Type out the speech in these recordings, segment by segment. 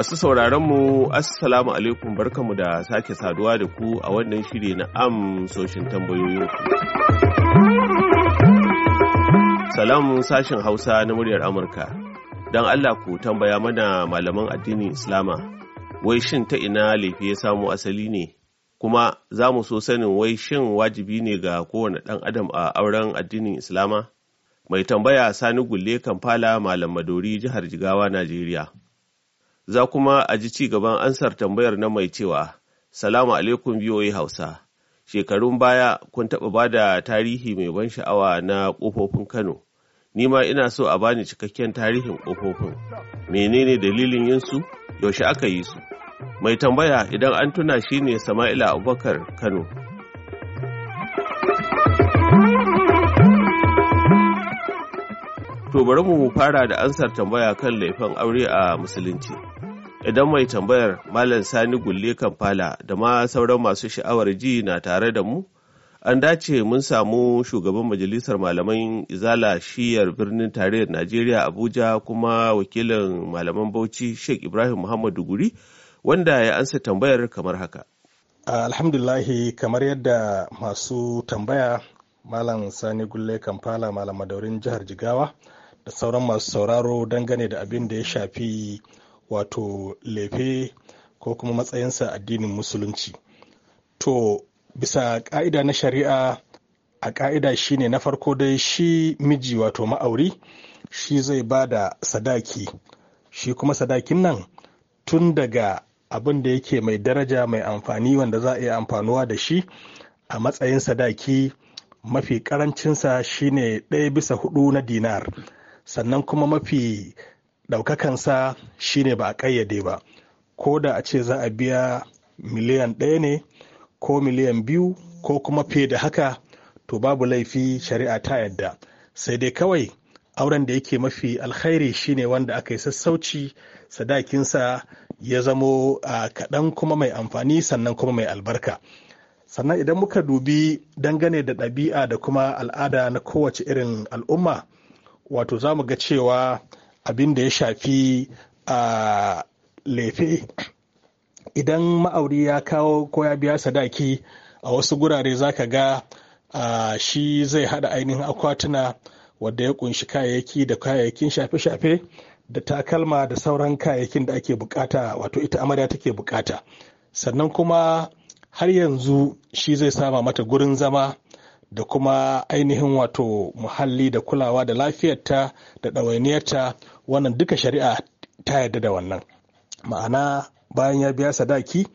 Masu sauraron mu Assalamu alaikum barkamu da sake saduwa da ku a wannan shiri na amsoshin tambayoyinku. Salam sashin Hausa na muryar Amurka. Don Allah ku tambaya mana malaman addinin Islama, wai shin ta ina laifi ya samu asali ne? Kuma za mu so sanin wai shin wajibi ne ga kowane ɗan adam a auren addinin Islama? Mai tambaya Sani Gulle Kamfala Malam Madori jihar Jigawa, Najeriya. za kuma a ji ci gaban ansar tambayar na mai cewa salamu alaikum biyoyi hausa shekarun baya kun taɓa ba da tarihi mai ban sha'awa na ƙofofin kano ni ma ina so a bani cikakken tarihin ƙofofin menene dalilin yinsu yaushe aka yi su mai tambaya idan an tuna shi ne sama'ila abubakar kano to bari mu fara da ansar tambaya kan laifin aure a musulunci idan mai tambayar malam sani gulle kamfala da ma sauran masu sha'awar ji na tare da mu an dace mun samu shugaban majalisar malaman izala shiyar birnin tarayyar najeriya abuja kuma wakilin malaman bauchi sheikh ibrahim muhammadu guri wanda ya ansa tambayar kamar haka alhamdulahi kamar yadda masu tambaya malam sani gulle kamfala malam madaurin jihar jigawa da sauran masu sauraro dangane da abin da ya shafi wato lefe ko kuma matsayinsa addinin musulunci to bisa ka'ida na shari'a a ƙa'ida shine na farko dai shi miji wato ma'auri shi zai ba da sadaki shi kuma sadakin nan tun daga abin da yake mai daraja mai amfani wanda za a iya amfanuwa da shi a matsayin sadaki mafi karancinsa shine ɗaya bisa hudu na dinar sannan kuma mafi ɗaukakansa shine ba a ƙayyade ba ko da a ce za a biya miliyan ɗaya ne ko miliyan biyu ko kuma fiye da haka to babu laifi shari'a ta yadda sai dai kawai auren da yake mafi alkhairi shine wanda aka yi sassauci sadakinsa ya zamo a kaɗan kuma mai amfani sannan kuma mai albarka sannan idan muka dubi dangane da ɗabi'a da kuma al'ada na kowace irin al'umma wato za mu ga cewa abin da ya shafi a lefe idan ma'auri ya kawo ko ya biya sadaki a wasu gurare zaka ga a shi zai hada ainihin akwatuna wadda ya kunshi kayayyaki da kayayyakin shafe-shafe da takalma da sauran kayayyakin da ake bukata wato ita amarya take bukata sannan kuma har yanzu shi zai sama mata gurin zama da kuma ainihin wato muhalli da kulawa da lafiyarta da ɗawainiyarta wannan duka shari'a ta yarda da wannan ma'ana bayan ya biya sadaki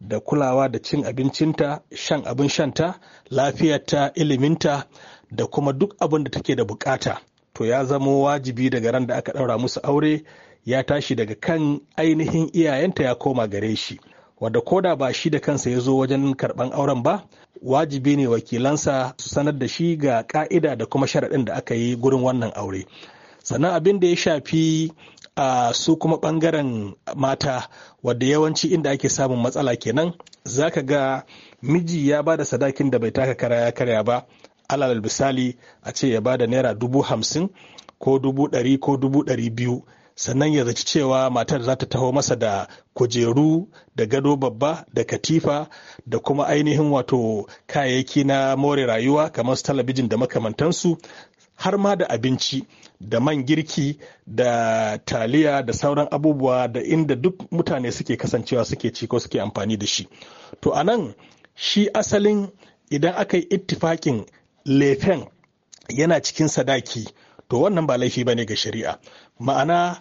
da kulawa da cin abincinta shan abin shanta lafiyarta iliminta da kuma duk abin da take da bukata to ya zamo wajibi daga ran da aka ɗaura musu aure ya tashi daga kan ainihin iyayenta ya koma gare shi wadda koda ba shi da kansa ya zo wajen karban auren ba wajibi ne wakilansa su sanar da shi ga ka'ida da kuma sharaɗin da aka yi gurin wannan aure sannan abin da ya shafi a su kuma ɓangaren mata wadda yawanci inda ake samun matsala kenan zaka ga miji ya ba da sadakin da bai taka kara ya karya ba alal misali a ce ya ba da naira dubu hamsin ko dubu ɗari ko dubu ɗari biyu sannan ya zaci cewa matar za ta taho masa da kujeru da gado babba da katifa da kuma ainihin wato kayayyaki na more rayuwa kamar su talabijin da makamantansu har ma da abinci da man girki da taliya da sauran abubuwa da inda duk mutane suke kasancewa suke ciko suke amfani da shi to a nan shi asalin idan aka yi ittifaƙin lefen yana cikin sadaki to wannan ba laifi ba ne ga shari'a ma'ana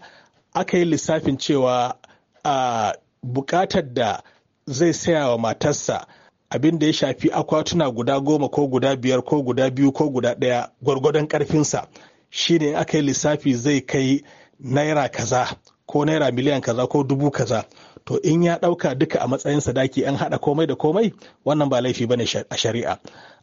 aka yi lissafin cewa a bukatar da zai saya wa matarsa abin da ya shafi akwatuna guda goma ko guda biyar ko guda biyu ko guda ɗaya gwargwadon ƙarfinsa shine aka yi lissafi zai kai naira kaza ko naira miliyan kaza ko dubu kaza to in ya ɗauka duka a matsayin sadaki an haɗa komai da komai wannan ba laifi bane a shari'a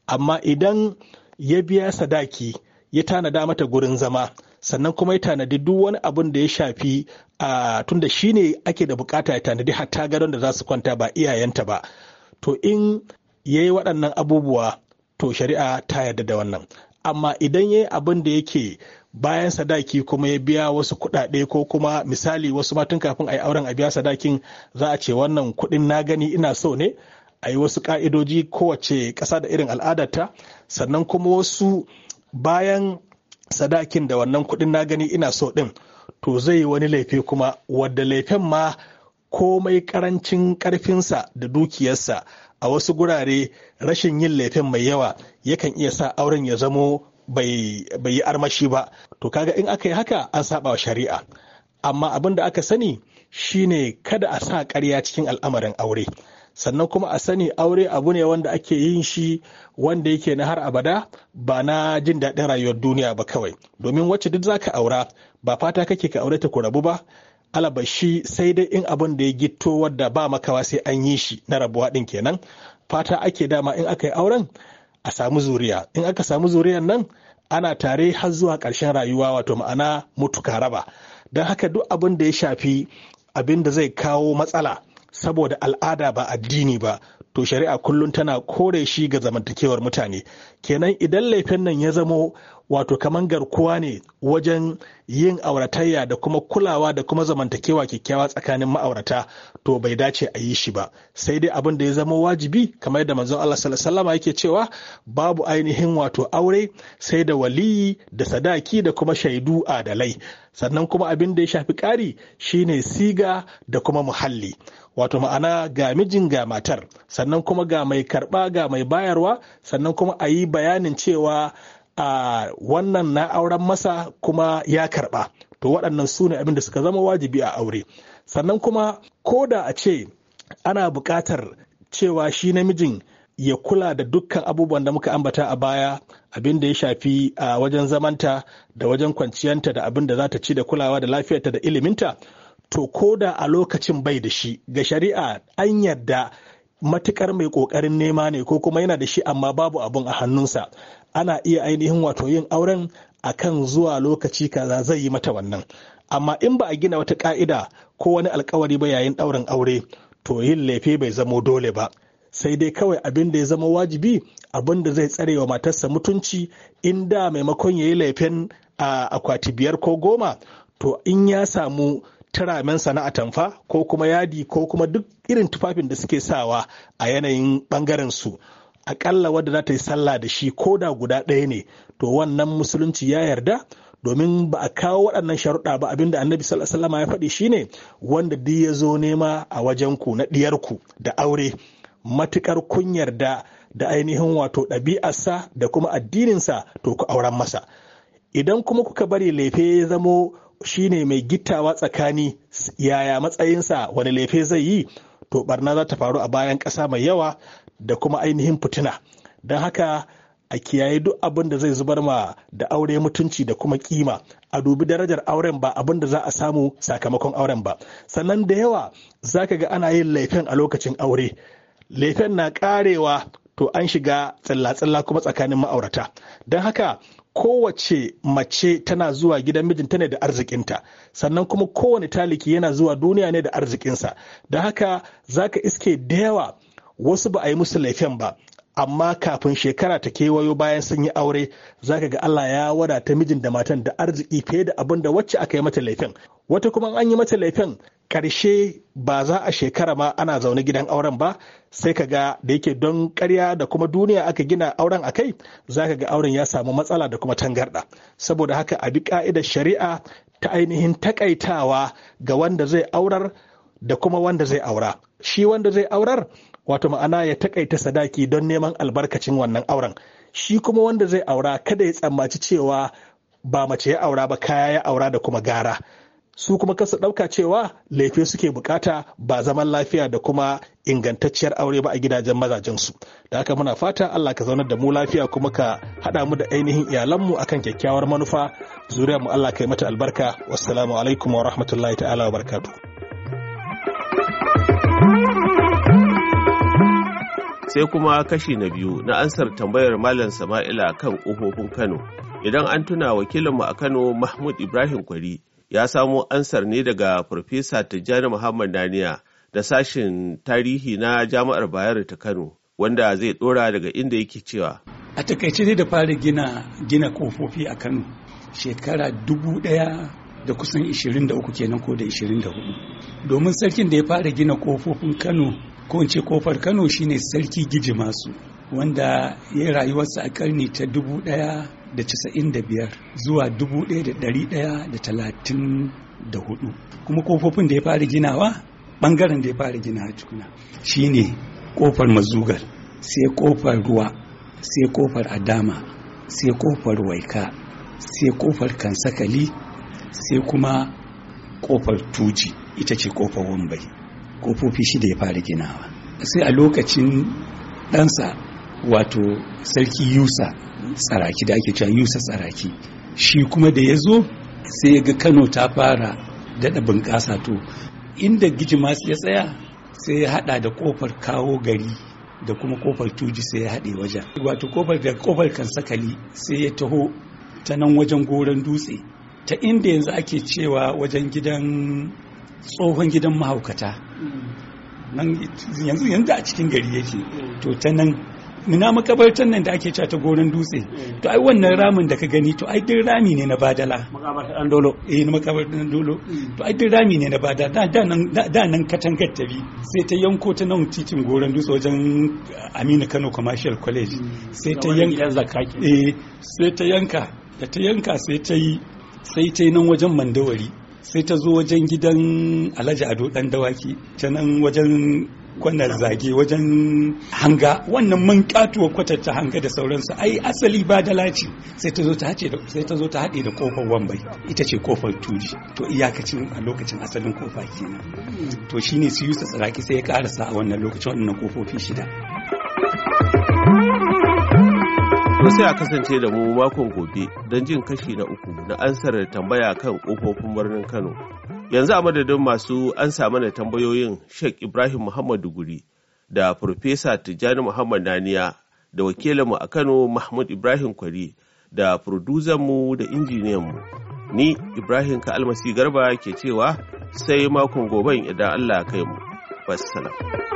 amma idan ya biya sadaki ya tanada mata gurin zama sannan kuma ya tanadi duk wani abun da ya shafi a tunda shi ne ake da bukata ya tanadi hatta gadon da za su kwanta ba iyayenta ba to in ya yi waɗannan abubuwa to shari'a ta yarda da wannan amma idan ya yi abin da yake bayan sadaki kuma ya biya wasu kuɗaɗe ko kuma misali wasu matun kafin a yi auren a biya sadakin za a ce wannan kuɗin na gani ina so ne a yi wasu ƙa'idoji kowace ƙasa da irin al'adarta sannan kuma wasu bayan sadakin da wannan kuɗin na gani ina so ɗin to zai yi wani laifi kuma wadda laifin ma komai karancin karfinsa da dukiyarsa a wasu gurare rashin yin laifin mai yawa yakan iya sa auren ya zamo bai yi armashi ba to kaga in aka yi haka an saba wa shari'a amma abin da aka sani shine kada a sa karya cikin al'amarin aure sannan kuma a sani aure abu ne wanda ake yin shi wanda yake na har abada ba na jin daɗin rayuwar duniya ba kawai domin wacce duk zaka aura ba fata kake ka aure ta ku rabu ba alabashi sai dai in abin da ya gito wadda ba makawa sai an yi shi na rabuwa ɗin kenan fata ake dama in aka yi auren a samu zuriya in aka samu zuriyar nan ana tare har zuwa ƙarshen rayuwa wato ma'ana mutuka raba don haka duk abin da ya shafi abin da zai kawo matsala saboda al'ada ba addini ba to shari'a kullum tana kore shi ga zamantakewar mutane kenan idan laifin nan ya zamo wato kaman garkuwa ne wajen yin auratayya da kuma kulawa da kuma zamantakewa kyakkyawa tsakanin ma'aurata to bai dace a yi shi ba sai dai abin da ya zama wajibi kamar yadda manzon Allah sallallahu yake cewa babu ainihin wato aure sai da waliyi da sadaki da kuma shaidu adalai sannan kuma abin da ya shafi ƙari shine siga da kuma muhalli wato ma'ana ga mijin ga matar sannan kuma ga mai karɓa ga mai bayarwa sannan kuma a yi bayanin cewa a wannan na auren masa kuma ya karɓa to waɗannan su ne abin da suka zama wajibi a aure sannan kuma ko da a ce ana buƙatar cewa shi namijin ya kula da dukkan abubuwan da muka ambata a baya abin da ya shafi a wajen zamanta da wajen kwanciyanta da abin da za ta ci da kulawa da lafiyarta da iliminta to ko da a lokacin bai da shi ga shari'a an yarda matukar mai kokarin nema ne ko kuma yana da shi amma babu abun a hannunsa ana iya ainihin wato yin auren a kan zuwa lokaci kaza zai yi mata wannan amma in ba a gina wata ka'ida ko wani alkawari ba yayin ɗaurin aure to yin laifi bai zamo dole ba sai dai kawai abin da ya zama wajibi abin da zai tsare wa matarsa mutunci in da maimakon ya yi laifin a akwati biyar ko goma to in ya samu turamen sana'a tamfa ko kuma yadi ko kuma duk irin tufafin da suke sawa a yanayin bangaren su akalla wadda za ta yi sallah da shi ko da guda ɗaya ne to wannan musulunci ya yarda domin ba a kawo waɗannan sharuɗa ba abinda annabi sallallahu alaihi ya faɗi shine wanda duk ya zo nema a wajen ku na ɗiyarku da aure matukar kunyar da da ainihin wato ɗabi'arsa da kuma addininsa to ku auren masa idan kuma kuka bari lefe ya zamo shine mai gittawa tsakani yaya matsayinsa wani lefe zai yi to barna za ta faru a bayan ƙasa mai yawa da kuma ainihin fitina don haka a kiyaye duk abin da zai zubar ma da aure mutunci da kuma kima a dubi darajar auren ba abin da za a samu sakamakon auren ba sannan da yawa zaka ga ana yin laifin a lokacin aure lefen na karewa to an shiga tsalla-tsalla kuma tsakanin ma'aurata don haka kowace mace tana zuwa gidan mijinta ne da arzikinta sannan kuma kowane taliki yana zuwa duniya ne da arzikinsa don haka zaka iske da yawa wasu ba a yi musu laifin ba amma kafin shekara ta kewayo bayan sun yi aure zaka ga Allah ya wadata mijin da matan da arziki fiye da abin da wacce aka yi mata laifin wata kuma an yi mata laifin Karshe ba za a shekara ma ana zaune gidan auren ba sai ka ga da yake don karya da kuma duniya aka gina auren a kai za ka ga auren ya samu matsala da kuma tangarɗa saboda haka a bi ƙa'idar shari'a ta ainihin takaitawa ga wanda zai aurar da kuma wanda zai aura shi wanda zai aurar wato ma'ana ya takaita sadaki don neman albarkacin wannan auren shi kuma wanda zai aura kada ya tsammaci cewa ba mace ya aura ba kaya ya aura da kuma gara su kuma kasa ɗauka cewa laifi suke bukata ba zaman lafiya da kuma ingantacciyar aure ba a gidajen mazajensu da haka muna fata allah ka zaunar da mu lafiya kuma ka haɗa mu da ainihin iyalanmu akan kyakkyawar manufa zuriya mu allah ka yi mata albarka wassalamu alaikum wa rahmatullahi ta'ala wa barkatu sai kuma kashi na biyu na ansar tambayar malam sama'ila kan ƙofofin kano idan an tuna wakilinmu a kano mahmud ibrahim kwari ya samo ansar ne daga Farfesa Tijjani Muhammad Daniya da sashen tarihi na Jami'ar Bayero ta Kano, wanda zai ɗora daga inda yake cewa. A takaice dai da fara gina gina kofofi a Kano shekara dubu ɗaya da kusan 23 kenan ko da 24 domin sarkin da ya fara gina kofofin Kano ko in ce kofar Kano shine sarki Giji Masu wanda ya rayuwarsa a ƙarni ta biyar zuwa 1134 kuma kofofin da ya fara ginawa bangaren da ya fara ginawa tukuna shine kofar mazugar sai kofar ruwa sai kofar adama sai kofar waika sai kofar kansakali sai kuma kofar tuji ita ce kofar wambai kofofi shida ya fara ginawa sai a lokacin ɗansa wato sarki yusa tsaraki da ake cewa yusa tsaraki shi kuma da ya zo sai ya ga kano ta fara daɗa bunƙasa to inda gijima ya tsaya sai ya haɗa da ƙofar kawo gari da kuma ƙofar tuji sai ya haɗe wajen wato ƙofar da ƙofar kan sakali sai ya taho ta nan wajen goron dutse ta inda yanzu ake cewa wajen gidan tsohon gidan mahaukata mm. yanzu yanzu a cikin gari yake mm. to ta nan muna makabartar nan da ake cewa ta goron dutse to ai wannan ramin da ka gani to ai duk rami ne na badala makabartar dolo eh na makabartar dolo to ai duk rami ne na badala da nan da nan katangar ta bi sai ta yanko ta nan titin goron dutse wajen Aminu Kano Commercial College sai ta yanka eh sai ta yanka da ta yanka sai ta yi sai ta yi nan wajen mandawari sai ta zo wajen gidan Alhaji Ado dan dawaki ta nan wajen kwanar zage wajen hanga wannan man katuwa kwatar ta hanga da sauransu ai asali ba da laci sai ta zo ta hace da sai ta zo ta haɗe da kofar wambai ita ce kofar tuji to iyakacin a lokacin asalin kofa kenan to shine su yusa tsaraki sai ya karasa a wannan lokacin wannan kofofi shida Wasu ya kasance da mu makon gobe don jin kashi na uku na ansar da tambaya kan kofofin birnin Kano Yanzu a madadin masu an samu na tambayoyin Sheikh Ibrahim Muhammadu Guri da Farfesa Tijjani Muhammad Naniya da wakilinmu a Kano Mahmud Ibrahim Kwari da mu da injiniyanmu. Ni Ibrahim ka Almasi Garba ke cewa sai makon goben idan Allah kai mu. Wassalam.